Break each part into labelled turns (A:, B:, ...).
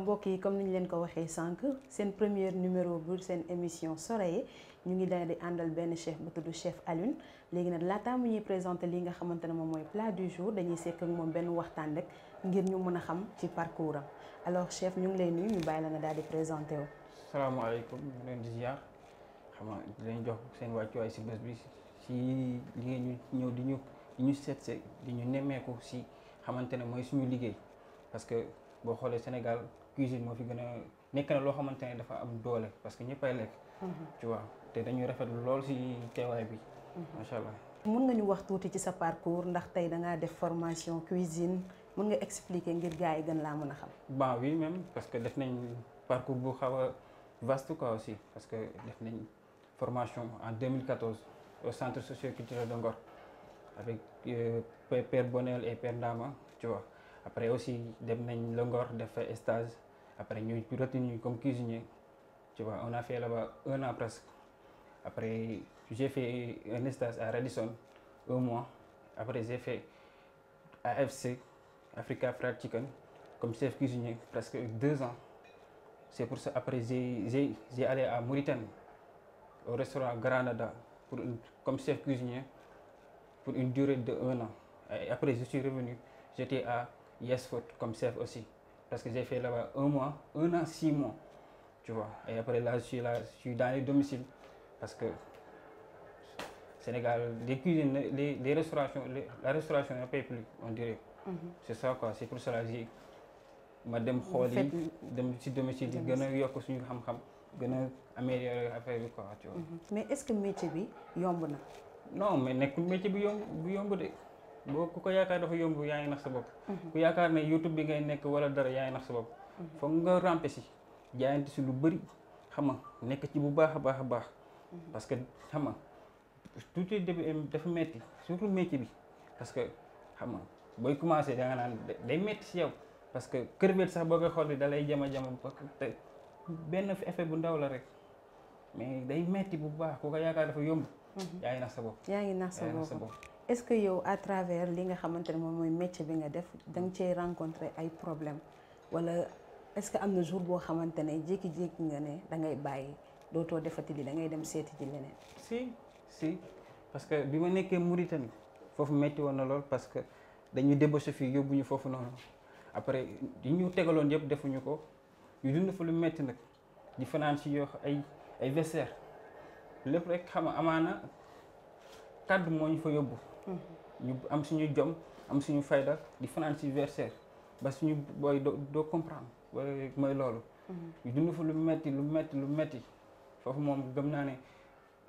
A: mbokk yi comme niñ leen ko waxee sànq seen première numéro bu seen émission Soirée ñu ngi daal di àndal benn chef bu tudd chef Alioune léegi nag laataa mu ñuy présenté li nga xamante ne moom mooy plat du jour dañuy sekk ak moom benn waxtaan rek ngir ñu mën a xam ci parcours am alors chef ñu ngi lay nuyu ñu bàyyi la nga daal di présenté wu.
B: salaamaaleykum ñu leen di ziar xam di dinañ jox seen wàccuwaay si bés bi si li ngeen ñu ñëw di ñu di ñu seet di ñu nemmeeku si xamante ne mooy suñu liggéey parce que boo xoolee Sénégal cuisine mo fi gëna nek na lo xamante dafa am doole parce que ñeppay lek mhm. tu vois té dañuy rafet lool ci bi. Mhm. machallah
A: allah. nga ñu wax tuuti ci sa parcours ndax tay da nga def formation cuisine mën nga expliquer ngir gaay gën la mëna xam.
B: bah oui même parce que def nañ parcours bu xawa a vaste quoi aussi parce que def nañ formation en 2014 au centre socioculturel de Ngor avec euh, Père Bonel et Père Ndama tu vois. après aussi dem nañ longueur de faire stage après ñu retenu comme cuisinier tu vois on a fait là-bas un an presque après j'ai fait un stage à Radisson un mois après j'ai fait à AFC Africa Fried Chicken comme chef cuisinier presque deux ans c'est pour ça après j'ai j'ai allé à Mauritanie au restaurant Granada pour comme chef cuisinier pour une durée de un an après je suis revenu j'étais à YesFoot comme chef aussi. Parce que j'ai fait là-bas un mois, un an, six mois. Tu vois. Et après là, je suis là, je suis dans les domiciles. Parce que Sénégal, les cuisines, les, les restaurations, la restauration ne paye plus, on dirait. Mhm. C'est ça quoi, c'est pour cela que ma dem je yi dem ci domicile je gën a suñu xam-xam améliorer quoi mhm.
A: mais est-ce que métier est bon
B: non mais le métier bu yomb bu yomb ku ko yaakaar dafa yomb yaay nax sa bop mhm. ku yaakaar ne youtube bi ngay nek wala dara yaay ngi nax sa bop mhm. foog nga ramper ci jaayante ci lu beuri xama nek ci bu baakha baakha baax mhm. parce que xama tout début dafa metti surtout metti bi parce que xama boy commencer da nga nan day metti ci yow parce que kër beet sax boga xol xool da jema te ben effet bu ndaw la rek mais day metti bu baax ku ko yaakaar dafa yomb yaay ngi nax sa bop yaa nax sa bop
A: est-ce que yow à travers li nga xamantene mom moy métier bi nga def dang nga rencontrer ay problème wala est-ce que amna jour bo xamantene ne jékki nga né da ngay bàyyi dootoo defati li da ngay dem séti ji leneen.
B: si si parce que bima ma nekkee fofu foofu wona lol parce que dañu débauché fi yóbbu fofu non après di ñu tégalon yépp defuñu ko ñu dund fa lu métti nak di fanaan si yoo ay ay vestiaire lepp rek xama amana kaddu moñ fa yobbu ñu am suñu jom am suñu fayda di fanaan si verser ba suñu booy doo doo comprendre mooy loolu. Mhm. dund fa lu metti lu metti lu metti foofu moom gëm naa ne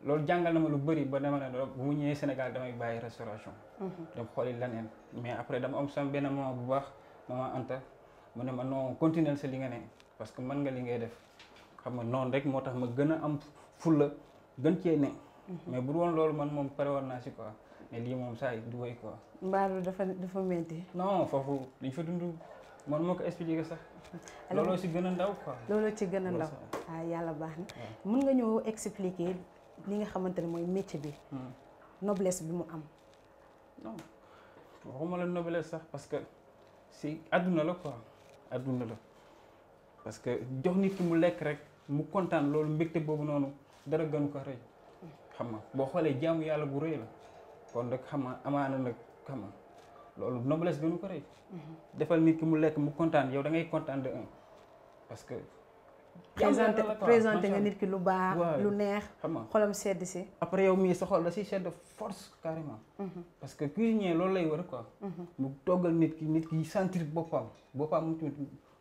B: loolu jàngal na ma lu bëri ba dama ne bu mu ñëwee Sénégal damay bàyyi restauration. Mhm. dem xooli leneen mais après dama am sama benn bu baax maman Anta mu ne ma non continuer sa li nga ne parce que man nga li ngay def xam noonu rek moo tax ma gën a am fulla gën cee ne. Mhm. mais bu woon loolu man moom pare woon naa si quoi. mais mom moom saa yi du dafa dafa métti. non foofu dañ fa dund man moo ko sax. looloo ci gën a ndaw quoi. looloo ci gën a ndaw
A: ah yàlla baax mën nga expliquer li nga métier bi. Hmm. noblesse bi mu am.
B: non waxuma la noblesse sax parce que si àdduna la quoi àdduna la parce que jox nit mu lekk rek mu kontaan loolu mbégte boobu noonu dara gënu ko xam nga la. kon nag xam nga amaana nag xam nga loolu noblesse gënu ko rëy. defal nit ki mu lekk mu kontaan yow da ngay kontaan de un parce que. présenté nga nit
A: ki lu baax. lu neex xam nga xolam sedd si. après yow mii sa xol da siy sedd
B: force carrément. Mhm. parce que cuisinier loolu lay war quoi. Mhm. mu toggal nit ki nit ki sentir boppam boppam mu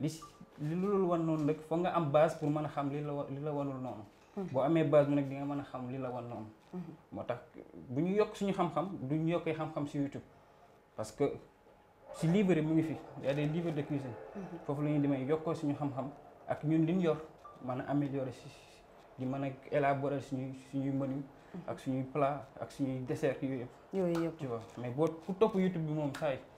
B: li si li loolu wan noonu nag foog nga am base pour mën a xam li la wa li la wanul noonu. Mhm. boo amee base bi nag di nga mën a xam li la wan noonu. Mhm. moo tax bu ñu yokk suñu xam-xam du ñu yokkee xam-xam si YouTube parce que si livre mu ngi fi y a des livres de cuisine. Mhm. foofu la ñuy demee yokkoo suñu xam-xam ak ñun li yor mën a améliorer si di mën a élaborer suñuy suñuy menu. ak suñu plat ak suñuy dessert yooyu yëpp. yooyu yëpp mais boo ku topp YouTube bi moom saa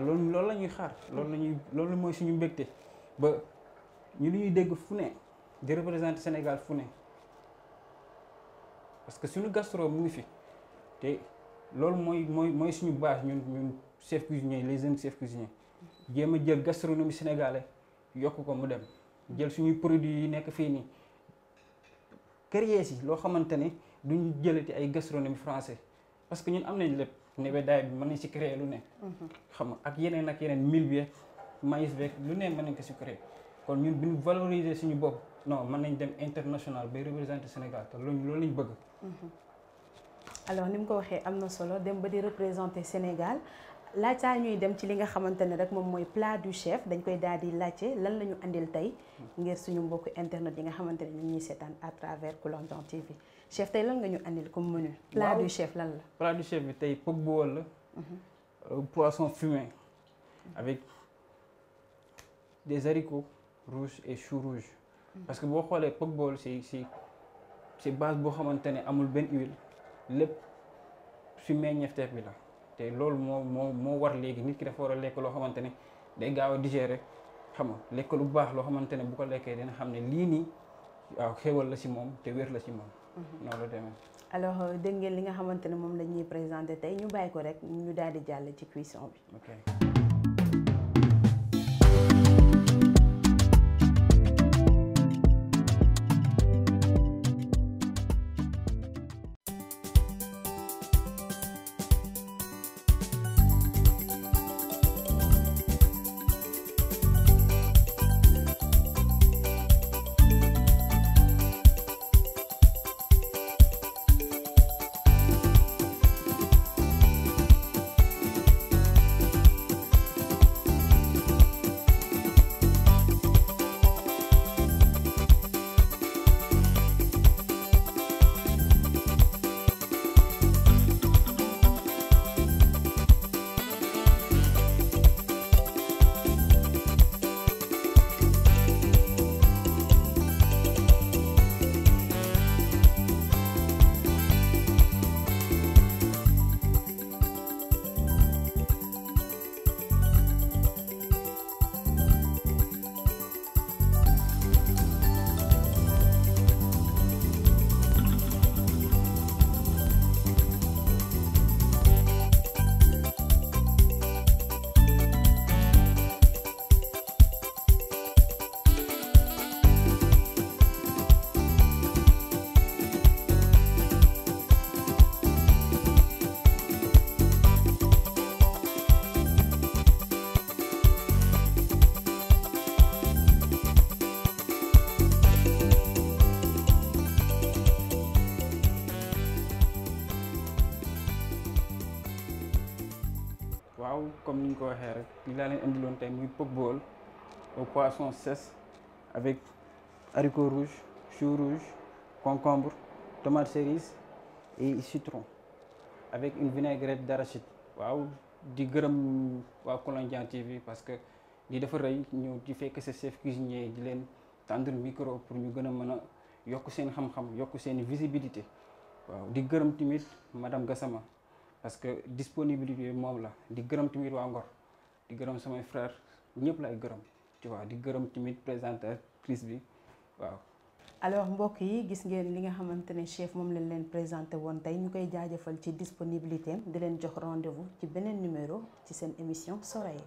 B: loolu loolu la ñuy xaar loolu la ñuy loolu mooy suñu mbégte ba ñu lu ñuy dégg fu ne di représenter Sénégal fu ne parce que suñu gastro mu ngi fi te loolu mooy mooy mooy suñu base ñun ñun chef cuisinier les jeunes chef cuisinier jéem a jël gastronomie sénégalais yokk ko mu dem jël suñuy produits yi nekk fii nii kër yees yi loo xamante ne duñ jëlati ay gastronomie français parce que ñun am nañ lépp. nebedaay bi mën nañ si créer lu ne mhm. xam nga ak yeneen ak yeneen mil bi maïs beeg lu ne mën nañ ko si créer kon ñun bi ñu valoriser suñu bopp non mën nañ dem international bay représenter Sénégal te loolu loolu lañ bëgg
A: mhm. alors ni mu ko waxee am na solo dem ba di représenter Sénégal laajtaa ñuy dem ci li nga xamante ne rek moom mooy plat du chef dañ koy daal di laajte lan la ñu andil tey ngir suñu mbokk internet yi nga xamante ne ñu ñuy seetaan à travers Kulanjan TV chef tey lan nga ñu andil comme menu. plat du chef lan la.
B: plat du chef bi tay pëg bu la. Mhm. Euh, poisson fumé avec des haricots rouges et choux rouges. Mhm. parce que bo xolé pëg bu c'est c'est c'est base bo xamantene amul ben huile lépp si meññeefteef bi la té lool mo mo war légui nit ki dafa wara lek lo xamantene day gaaw digérer xam nga lek lu baax lo xamantene bu ko lekkee dina xamné ne ni nii la ci mom té wér la ci mom Mhm. noonu la demee.
A: alors euh, dégg ngeen li nga xamante ne moom la ñuy présenté tey ñu bàyyi ko rek ñu daal di jàll ci cuisson
B: bi. comme ni ñu ko waxee rek li muy au poisson cesse avec haricots rouges choux rouges concombre tomate cerise et citron avec une vinaigrette d'arachide waaw di gërëm waa Colondian TV parce que lii dafa nous ñëw di fekk ce chef cuisinier di leen tendre micro pour ñu donner a mën a xam-xam yokk seen visibilité waaw di gërëm tamit madame Gassama parce que disponibilité moom la di gërëm timit wa Ngor di gërëm sama frère ñëpp lay gërëm tu vois di gërëm présentateur présentatrice bi waaw.
A: alors mbokk yi gis ngeen li nga xamantene chef mom lañ leen présenter won tay ñu koy jaajëfal ci disponibilité de di leen jox rendez-vous ci benen numéro ci seen émission soirée.